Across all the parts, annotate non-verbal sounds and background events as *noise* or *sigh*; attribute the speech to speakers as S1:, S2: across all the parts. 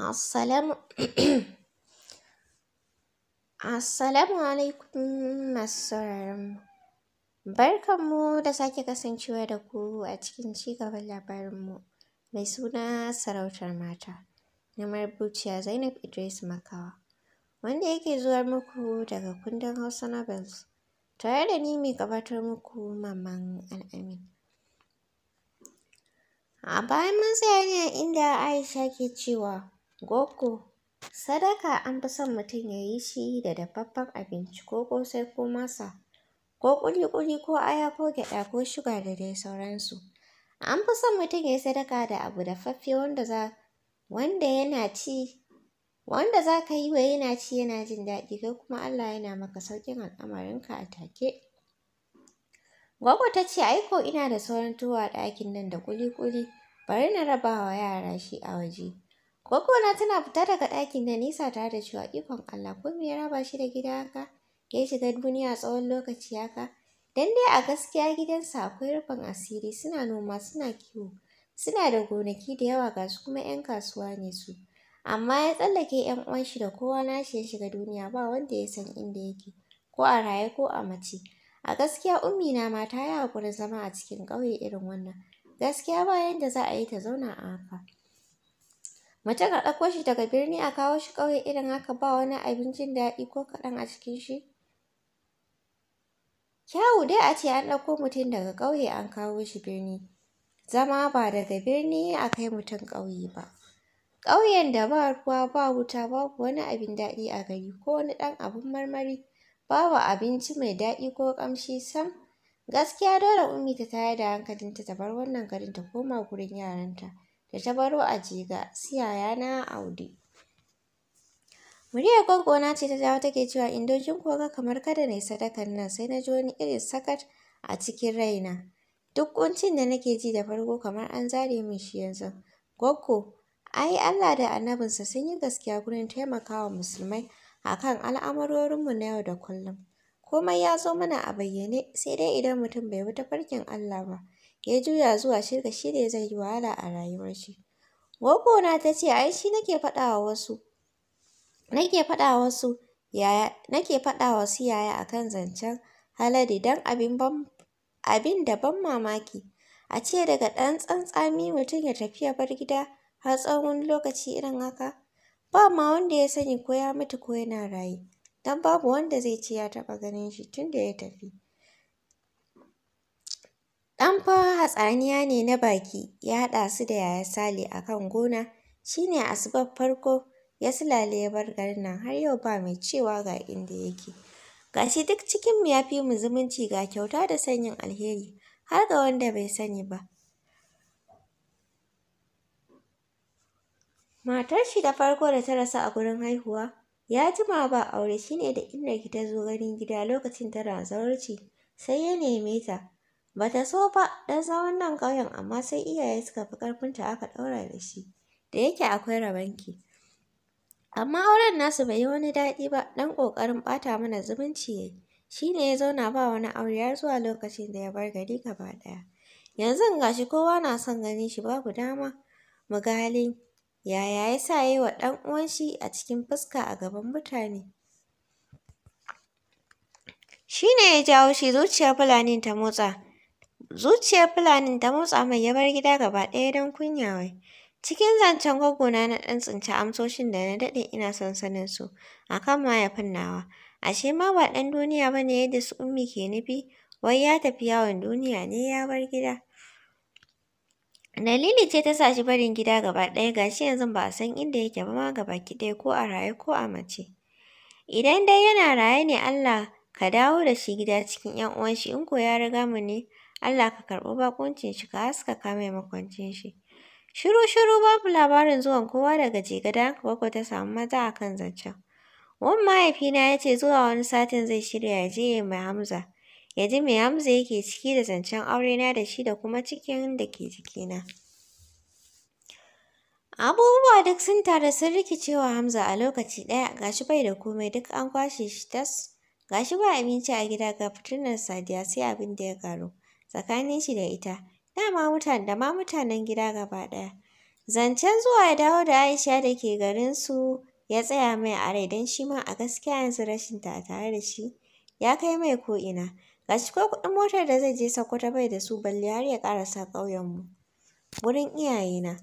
S1: Assalamu *clears throat* Assalamu alaikum masu mu. Barkanmu da sake kasancewa da ku a cikin gaban labarinmu mai suna sarautar mata na marubuciya Zainab Idris Makawa wanda yake zuwa muku daga kundin Hausa Novels tare da ni mai gabatar muku mamman Al'amin. A bayan mun tsaya ne inda Aisha ke cewa Goggo, sadaka an fi son mutum ya yi shi da dafaffen abinci ko ƙosai ko masa, ko ƙuli-ƙuli ko aya ko gyaɗa ko shuga da dai sauransu. An fi son mutum ya yi sadaka da abu dafaffe wanda za wanda yana ci wanda za ka yi wa yana ci yana jin daɗi kai kuma Allah yana maka sauƙin al'amarinka a take. Gwaggo ta ce ai ko ina da sauran tuwa a ɗakin nan da ƙuli-ƙuli bari na raba wa yara shi a waje. Gwaggona tana fita daga ɗakin da nisa tare da cewa ikon Allah ko me ya raba shi da gida haka ya shiga duniya tsawon lokaci haka. Dan dai a gaskiya gidansa akwai rufin asiri suna noma suna kiwo suna da gonaki da yawa ga su kuma 'yan kasuwa ne su. Amma ya tsallake 'yan uwan shi da kowa nashi ya shiga duniya ba wanda ya san inda yake ko a raye ko a mace. A gaskiya ummi na ma ta yi haƙurin zama a cikin ƙauye irin wannan. Gaskiya ba yanda za a yi ta zauna a haka. Mace ka ɗauko shi daga birni a kawo shi ƙauye irin haka ba wani abincin daɗi ko kaɗan a cikin shi. Kyawu dai a ce an ɗauko mutum daga ƙauye an kawo shi birni. Zama ba daga birni a kai mutum ƙauye ba. Ƙauyen da ba ruwa ba wuta babu wani abin daɗi a gari ko wani ɗan abin marmari. Babu abinci mai daɗi ko ƙamshi sam. Gaskiya dole Ummi ta tayar da hankalinta ta bar wannan garin ta koma gurin yaranta. da ta baro a jiga su yaya na audi. Muryar na ce ta dawo take cewa indojin koga kamar kada na yi sadakan nan sai na ji wani irin sakat a cikin raina. Duk kuncin da nake ji da farko kamar an zare min shi yanzu. Gwaggo, ai Allah da annabinsa sun yi gaskiya gurin taimakawa musulmai akan al'amarorinmu na yau da kullum. Komai ya zo mana a bayyane sai dai idan mutum bai wuta farkin Allah ba. ya juya zuwa shirka shi ne zai yi wahala a rayuwar shi. Gwaggona ta ce ai shi nake faɗa wa wasu nake faɗa wasu yaya nake faɗa wa su yaya akan zancen halali don abin da ban mamaki a ce daga ɗan tsantsami mutum ya tafi ya bar gida har tsawon wani lokaci irin haka ba ma wanda ya sani ko ya mutu ko yana raye don babu wanda zai ce ya taɓa ganin shi tun da ya tafi. Ɗan fa hatsaniya ne na baki ya haɗa su da Yaya Sale a kan gona, shi ne asubar farko ya sulale ya bar garin nan har yau ba mai cewa ga inda yake. Ga shi duk cikinmu ya fi mu zumunci ga kyauta da sanyin alheri har ga wanda bai sani ba. Matar shi da farko da ta rasu a gurin haihuwa ya jima ba aure shi ne da inna ta zo ganin gida lokacin tana zawarci sai ya neme ta. Ba ta so ba don zaman nan ƙauyen amma sai iyaye suka fi ƙarfinta aka ɗaura da shi, da yake akwai rabanki. Amma auren nasu bai yi wani daɗi ba dan ƙoƙarin ɓata mana zumunci ya yi. Shi ne ya zauna ba wani aure har zuwa lokacin da ya bar gari gaba ɗaya. Yanzu ga shi kowa na son gani shi babu dama. Mu halin yaya ya sa ya yi wa ɗan uwan shi a cikin fuska a gaban mutane. Shi ne ya jawo shi zuciyar Fulanin ta motsa. Zuciyar Fulanin ta motsa mai ya bar gida gaba ɗaya don kunya wai. Cikin zancen gwaggona na ɗan tsinci amsoshin da na daɗe ina son sanin su a kan mayafin nawa. Ashe ma ba ɗan duniya ba ne yadda su ummi ke nufi, wai ya tafi yawon duniya ne ya bar gida. Dalili ce ta sa shi barin gida gaba ɗaya ga shi yanzu ba a san inda yake ba ma gaba ɗaya ko a raye ko a mace. Idan dai yana raye ne Allah ka dawo da shi gida cikin ‘yan uwanshi. in ko ya riga mu ne Allah ka karɓi bakuncin shi ka haskaka mai makwancin shi. Shiru shiru babu labarin zuwan kowa daga jega da haka bakwai ta samu maza a kan zancen. Wani mahaifina ya ce zuwa wani satin zai shirya ya je mai Hamza. Ya ji mai Hamza yake ciki da zancen aurena da shi da kuma cikin da ke jikina. Abubuwa duk sun tare sun rikicewa Hamza a lokaci ɗaya gashi bai da komai duk an kwashe shi tas. Gashi ba abinci a gida ga fitinar Sadiya sai abin da ya karu. tsakanin shi da ita, dama mutan da ma mutanen gida gaba ɗaya. Zancen zuwa ya dawo da Aisha da ke garin su ya tsaya mai a rai don shi ma a gaskiya yanzu rashin ta tare da shi ya kai mai ko'ina. Ga shi ko kuɗin motar da zai je Sokoto bai da su balle har ya ƙarasa ƙauyenmu. Wurin na.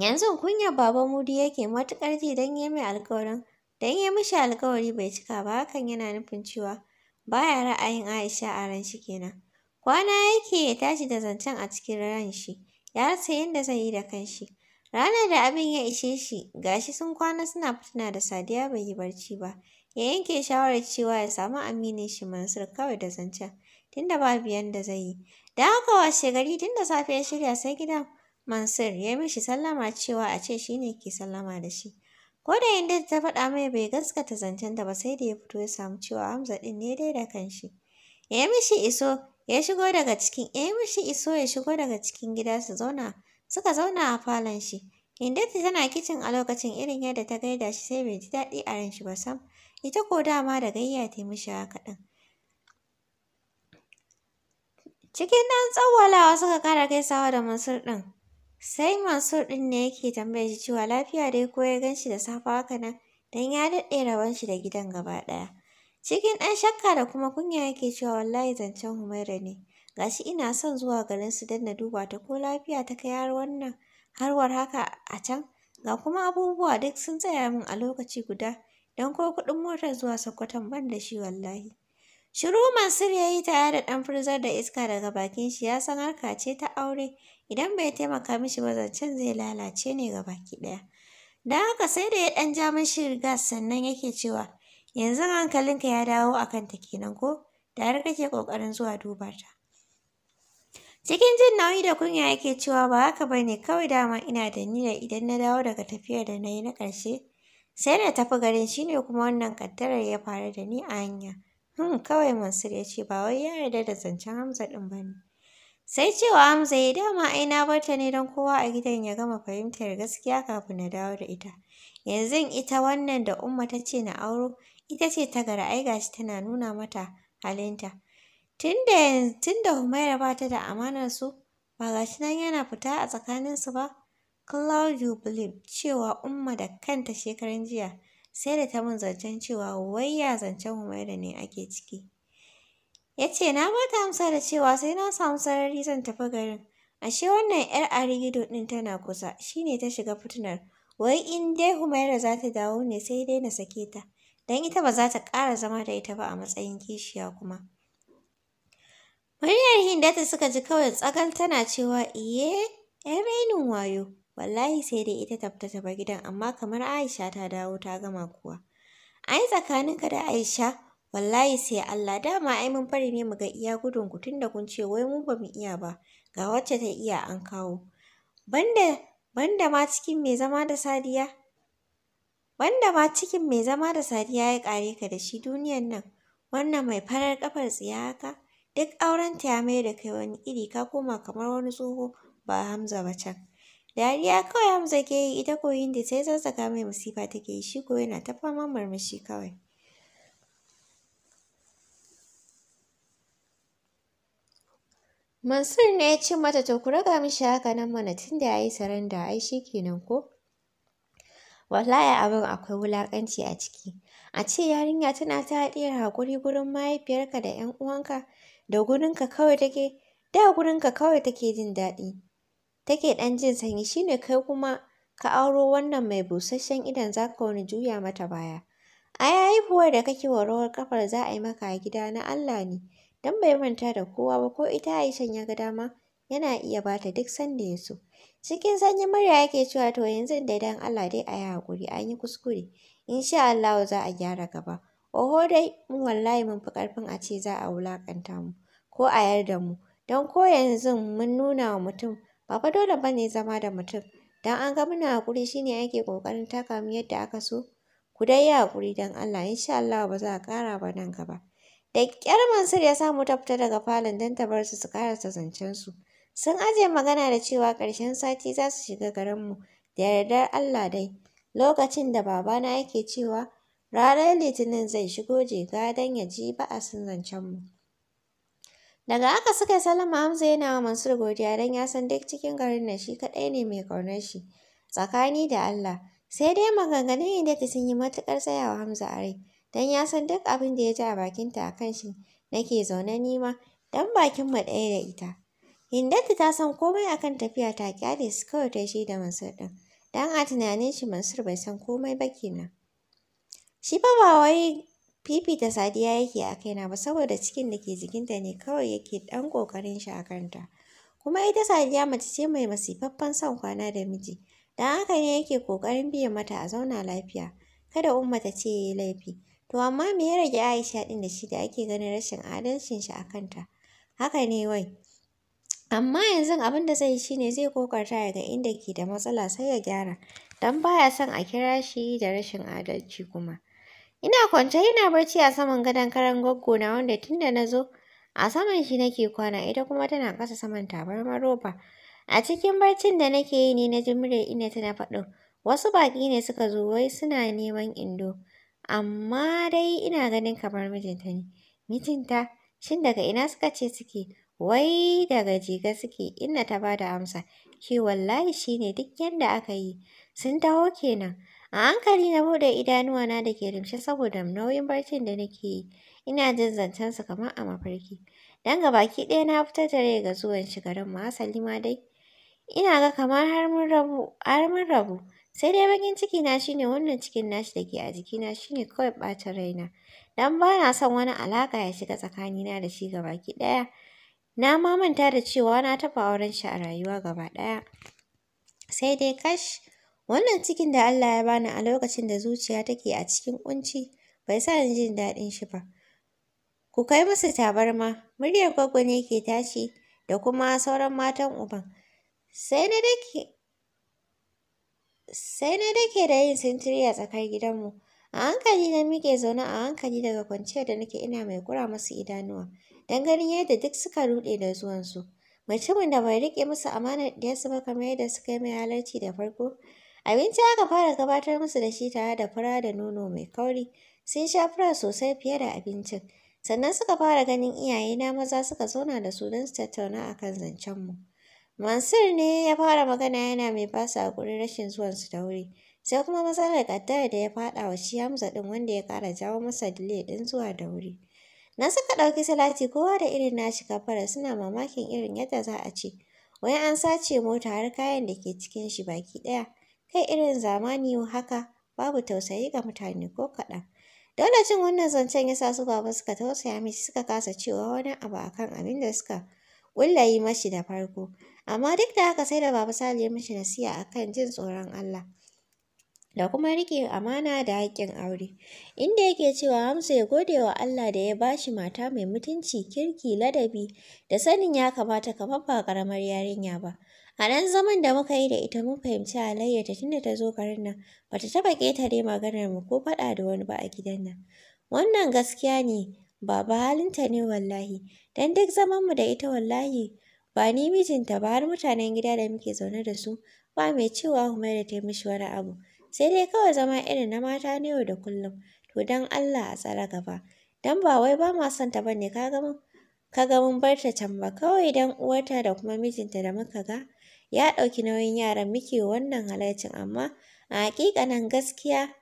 S1: Yanzu kunya Baba Mudi yake matukar ji don ya mai alƙawarin don ya mishi alƙawari bai cika ba hakan yana nufin cewa baya ra'ayin Aisha a ran shi kenan. Kwana yake ya tashi da zancen a cikin ranshi, ya rasa yadda zai yi da kanshi. Ranar da abin ya ishe shi, gashi sun kwana suna fitina da Sadiya bai yi barci ba. Ya yanke shawarar cewa ya samu aminin shi Mansur kawai da zancen, tunda babu da zai yi. Da haka washe gari tunda safe ya shirya sai gidan Mansur ya mishi sallama cewa a ce shine ke sallama da shi. Ko da yadda ta faɗa mai bai gaskata zancen da ba sai da ya fito ya samu cewa Hamza ɗin ne dai da kanshi. Ya mishi iso ya shigo daga cikin ya yi mishi iso ya shigo daga cikin gida su zauna suka zauna a falon shi ta tana kicin a lokacin irin yadda ta gaida shi sai bai ji daɗi a ran shi ba sam ita ko dama da gayya ta mishi haka ɗin cikin ɗan tsawwalawa suka kara gaisawa da Mansur ɗin sai Mansur ɗin ne yake tambayar shi cewa lafiya dai ko ya gan shi da safe haka nan don ya daɗe rabon shi da gidan gaba ɗaya Cikin ɗan shakka da kuma kunya yake cewa wallahi zancen Humaira ne. Gashi ina son zuwa garin su dan na duba ta ko lafiya ta kai har wannan harwar haka a can. Ga kuma abubuwa duk sun tsaya min a lokaci guda don ko kuɗin motar zuwa Sokoto, ban da shi wallahi. Shiru Mansur ya yi tare da ɗan furzar da iska daga bakin shi ya san harka ce ta aure idan bai taimaka mishi ba zancen zai lalace ne ga baki ɗaya. dan haka sai da ya ɗan ja mishi riga sannan yake cewa Yanzu hankalinka ya dawo a kanta kenan ko? Da Tare kake ƙoƙarin zuwa duba ta. Cikin jin nauyi da kunya yake cewa ba haka ba ne kawai dama ina da niyyar idan na dawo daga tafiyar da na yi na ƙarshe sai na tafi garin shi ne kuma wannan ƙaddarar ya faru da ni a hanya. Hmm kawai masu ya ce ba wai ya yarda da zancen Hamza ɗin ba ne. Sai cewa Hamza ya dama ai na bar ta ne don kowa a gidan ya gama fahimtar gaskiya kafin na dawo da ita. Yanzu ita wannan da Umma ta ce na auro ita ce ta gara ai gashi tana nuna mata halinta. Tunda tunda Humaira ba ta da amanar su ba gashi nan yana fita a tsakanin su ba. Claudio Blim cewa Umma da kanta shekaran jiya sai da ta mun zancen cewa wai ya zancen Humaira ne ake ciki. Ya ce na ba ta amsa da cewa sai na samu sarari zan tafi garin. Ashe wannan 'yar arigido din tana kusa shine ta shiga fitinar. Wai in dai Humaira za ta dawo ne sai dai na sake ta. don ita ba za ta ƙara zama da ita ba a matsayin kishiya kuma. Muryar Hindata suka ji kawai tsakan tana cewa iye, ‘yan rainin wayo, wallahi sai dai ita tafta ta bar gidan amma kamar Aisha ta dawo ta gama kuwa. Ai tsakaninka da Aisha, wallahi sai Allah dama ai mun bari ne mu ga iya gudun ku tunda kun ce wai mu ba mu iya ba, ga wacce ta iya an kawo. Banda banda ma cikin mai zama da Sadiya, wanda ma cikin mai zama da sadiya ya ƙare ka da shi duniyan nan wannan mai farar kafar tsiya haka duk aurenta ya mai da kai wani iri ka koma kamar wani tsoho ba Hamza ba can. Dariya kawai Hamza ke yi ita ko Hindi sai zazzaka mai masifa take yi shi ko yana ta faman murmushi kawai. Mansur ne ya ce mata ta ku raga mishi haka nan mana tun da ya yi saranda ai shi kenan ko? Wallahi abin akwai wulaƙanci a ciki. A ce yarinya tana ta haɗiyar haƙuri gurin mahaifiyarka da 'yan uwanka da gurinka kawai take, da gurinka kawai take jin daɗi. Take ɗan jin sanyi shi ne kai kuma ka auro wannan mai busasshen idon za ka wani juya mata baya. A haihuwar da kake wa rawar ƙafar za a yi maka a gida na Allah ne, don bai manta da kowa ba ko ita Aishan ya ga dama yana iya ba ta duk sanda ya so. Cikin sanyin murya yake cewa to yanzu da dan Allah dai a yi hakuri an yi kuskure. Insha Allah za a gyara gaba. Oho dai mu wallahi mun fi karfin a ce za a wulakanta mu ko a yarda mu. Don ko yanzu mun nuna wa mutum ba fa dole ba ne zama da mutum. Don an ga muna hakuri shine ne ake kokarin taka mu yadda aka so. Ku dai yi hakuri dan Allah insha Allah ba za a ƙara ba nan gaba. Da ƙyar Mansur ya samu ta fita daga falon don ta bar su su kara zancen su. Sun ajiye magana da cewa ƙarshen sati za su shiga garinmu da yardar Allah dai. Lokacin da babana yake cewa ranar Litinin zai shigo jega don ya ji ba a sun zancenmu. Daga aka suka salama Hamza yana wa Mansur godiya don ya san duk cikin garin na shi kaɗai ne mai ƙaunar shi. Tsakani da Allah, sai dai maganganun inda ta sun yi matuƙar tsayawa Hamza a rai, don ya san duk abin da ya ji a bakinta a kan shi nake zaune nima, don bakinmu ɗaya da ita. Hindatu ta san komai akan tafiya ta kyale su kawai ta shi da Mansur ɗin. don a tunanin shi Mansur bai san komai ba kenan. Shi fa ba wai fifita Sadiya yake a kaina ba saboda cikin da ke jikinta ne kawai yake ɗan ƙoƙarin shi a kanta. Kuma ita Sadiya mace ce mai masifaffen son kwana da miji. don haka ne yake ƙoƙarin biyan mata a zauna lafiya. Kada Umma ta ce ya yi laifi. To amma me ya rage Aisha ɗin da shi da ake ganin rashin adalcin shi a kanta? Haka ne wai. Amma yanzu abin da zai shi ne zai kokarta ya ga inda ke da matsala sai ya gyara, don ba ya son a kira shi da rashin adalci kuma. Ina kwance ina barci a saman gadon karen na wanda tun da na zo a saman shi nake kwana ita kuma tana kasa saman tabarmar roba. A cikin barcin da nake yi ne na ji muryar ina tana faɗin wasu baƙi ne suka zo wai suna neman indo. Amma dai ina ganin kamar mijinta ne. Mijinta? Shin daga ina suka ce suke? wai daga jiga suke inna ta ba da amsa ki wallahi shine duk yadda aka yi sun taho kenan a hankali na bude idanuwana da ke rimshe saboda nauyin barcin da nake yi ina jin zancen su kamar a mafarki dan baki ɗaya na fitar da rai ga zuwan shi garin ma asali ma dai ina ga kamar har mun rabu sai dai bakin ciki na shine wannan cikin nashi da ke a jikina shine kawai ɓacin raina dan ba na son wani alaka ya shiga tsakanina da shi ga baki ɗaya Na ma manta da cewa na taɓa auren shi a rayuwa gaba ɗaya. Sai dai kash, wannan cikin da Allah ya bani a lokacin da zuciya take a cikin ƙunci bai sa ni jin daɗin shi ba. Ku kai musu tabarma, muryar gwaggo ne ke tashi da kuma sauran matan uban. Sai na dake sai na dake da yin sintiri a tsakar gidanmu. A hankali na miƙe zaune a hankali daga kwanciyar da nake ina mai kura masu idanuwa. don ganin yadda duk suka ruɗe da zuwansu. Mutumin da bai riƙe musu amanar ɗiyarsu ba kamar yadda suka yi mai halarci da farko. Abinci aka fara gabatar musu da shi tare da fura da nono mai kauri. Sun sha fura sosai fiye da abincin. Sannan suka fara ganin iyayena maza suka zauna da su don su tattauna a kan zancenmu. Mansur ne ya fara magana yana mai basu su haƙurin rashin zuwansu da wuri. Sai kuma matsalar ƙaddara da ya faɗa wa shi Hamza ɗin wanda ya ƙara jawo masa dile ɗin zuwa da wuri. Na suka ɗauki salati kowa da irin nashi kafara suna mamakin irin yadda za a ce. Wai an sace mota har kayan da ke cikin shi baki ɗaya. Kai irin zamani haka babu tausayi ga mutane ko kaɗan. Dole jin wannan zancen ya sa su baba suka tausaya mishi suka kasa cewa wani abu akan abin da suka ƙulla yi mashi da farko. Amma duk da haka sai da baba Sale ya mishi nasiha akan jin tsoron Allah. da kuma riƙe amana da haƙƙin aure. Inda yake cewa Hamza ya gode wa Allah da ya bashi mata mai mutunci, kirki, ladabi da sanin ya kamata kamar ba ƙaramar yarinya ba. A nan zaman da muka yi da ita mun fahimci halayyarta tunda ta zo garin nan bata taɓa ƙetare maganar mu ko faɗa da wani ba a gidan nan. Wannan gaskiya ne baba halinta ne wallahi dan duk zaman mu da ita wallahi ba ni mijinta ba har mutanen gida da muke zaune da su ba mai cewa Humaira ta yi mishi wani abu. sai dai kawai zama irin na mata ne yau da kullum to dan Allah a tsara gaba dan ba wai ba ma son ta bane ka ga mun ka ga mun bar ta can ba kawai dan uwarta da kuma mijinta da muka ga ya ɗauki nauyin yaran muke wannan halaccin amma a nan gaskiya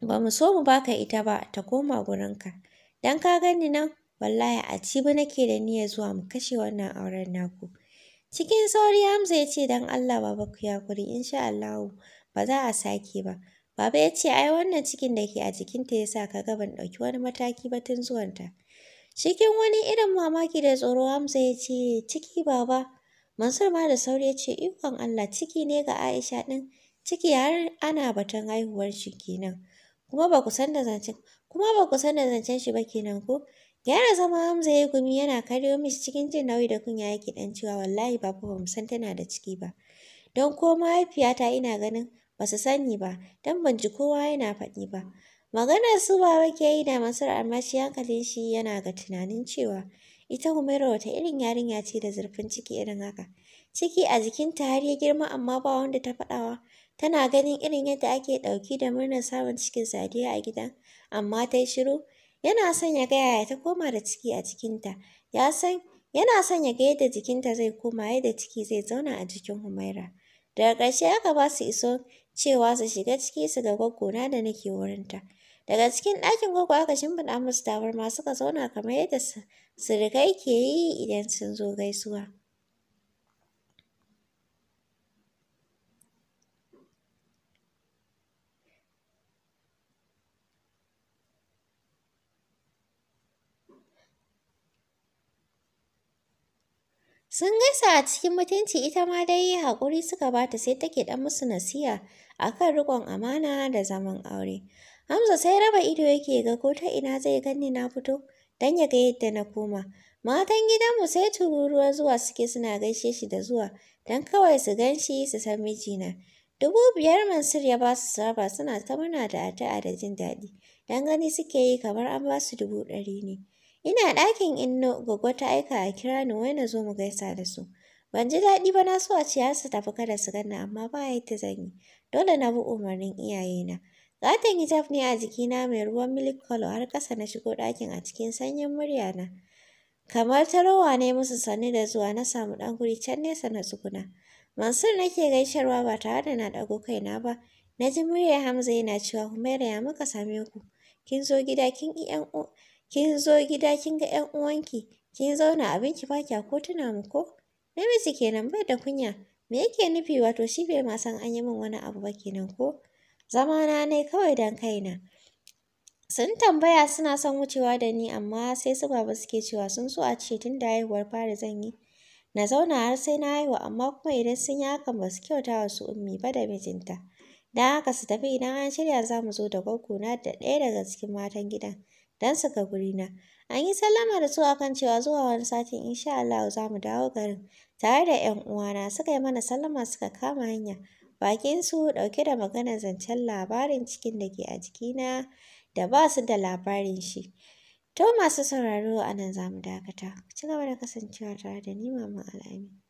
S1: ba mu so mu baka ita ba ta koma gurinka dan ka gani nan wallahi a cibi nake da niyyar zuwa mu kashe wannan auren naku. Cikin sauri Hamza ya ce dan Allah baba ku kuri insha Allah ba za a sake ba. Baba ya ce ai wannan cikin da ke a jikinta ya sa ka ga ban ɗauki wani mataki ba tun zuwanta. Cikin wani irin mamaki da tsoro Hamza ya ce ciki baba. Mansur ma da sauri ya ce ikon Allah ciki ne ga Aisha ɗin ciki har ana batun haihuwar shi kenan. Kuma ba ku san da zancen kuma ba ku san da zancen shi ba kenan ko? Gyara zama Hamza ya gumi yana karyo mishi cikin jin nauyi da kunya yake dan cewa wallahi ba ku san tana da ciki ba. Don ko mahaifiyata ina ganin ba su sani ba don ban ji kowa yana faɗi ba. Maganar su ba ke yi da Mansur almashi hankalin shi yana ga tunanin cewa ita Humaira wata irin yarinya ce da zurfin ciki irin haka. Ciki a jikinta har ya girma amma ba wanda ta faɗawa. Tana ganin irin yadda ake ɗauki da murnar samun cikin Sadiya a gidan, amma ta yi shiru. Yana son ya ga yaya ta koma da ciki a cikinta. Ya san yana son ya ga yadda jikinta zai koma yadda ciki zai zauna a jikin Humaira. Daga ƙarshe aka ba su iso cewa su shiga ciki su ga gwaggona da nake wurinta. Daga cikin ɗakin gwaggo aka shimfiɗa musu tabarma suka zauna kamar yadda surukai ke yi idan sun zo gaisuwa. Sun gaisa a cikin mutunci ita ma dai haƙuri suka bata sai take ɗan musu nasiya a kan riƙon amana da zaman aure. Hamza sai raba ido yake ga ko ta ina zai ganni na fito don ya ga yadda na koma. Matan gidanmu sai tururuwa zuwa suke suna gaishe shi da zuwa don kawai su gan shi su san mijina. Dubu biyar Mansur ya ba su saba suna ta murna da addu'a da jin daɗi. Dan gani suke yi kamar an ba su dubu ɗari ne. Ina ɗakin inno Goggo ta aika a kira ni wai na zo mu gaisa da su. Ban ji daɗi ba na so a ce har su tafi kada su ganna amma ba ta zan yi. Dole na bi umarnin iyayena. Gatan hijab ne a jikina mai ruwan milk color har ƙasa na shigo ɗakin a cikin sanyin murya na. Kamar ta rawa ne musu sanni da zuwa na samu ɗan guri can nesa na tsuguna. Mansur nake gaisharwa ba tare da na ɗago kaina ba. Na ji murya Hamza yana cewa Humaira ya muka same ku. Kin zo gida kin yi ƴan kin zo gida kin ga 'yan uwanki, kin zauna abinki ba kya ko tuna mu ko? Namiji kenan bai da kunya, me yake nufi wato shi bai ma san an yi min wani abu ba kenan ko? na ne kawai don kaina. Sun tambaya suna son wucewa da ni amma sai su baba suke cewa sun so a ce tun da haihuwar fari zan yi. Na zauna har sai na haihu amma kuma idan sun yi hakan ba su kyauta wa su ummi ba da mijinta. Don haka su tafi idan an shirya za mu zo da na da ɗaya daga cikin matan gidan. don su ga gurina. An yi sallama da su akan cewa zuwa wani satin insha Allah za mu dawo garin tare da 'yan uwana suka yi mana sallama suka kama hanya. Bakin su ɗauke da magana zancen labarin cikin da ke a jikina da ba su da labarin shi. To masu sauraro anan nan za mu dakata. Ci gaba da kasancewa tare da ni Maman Al'amin.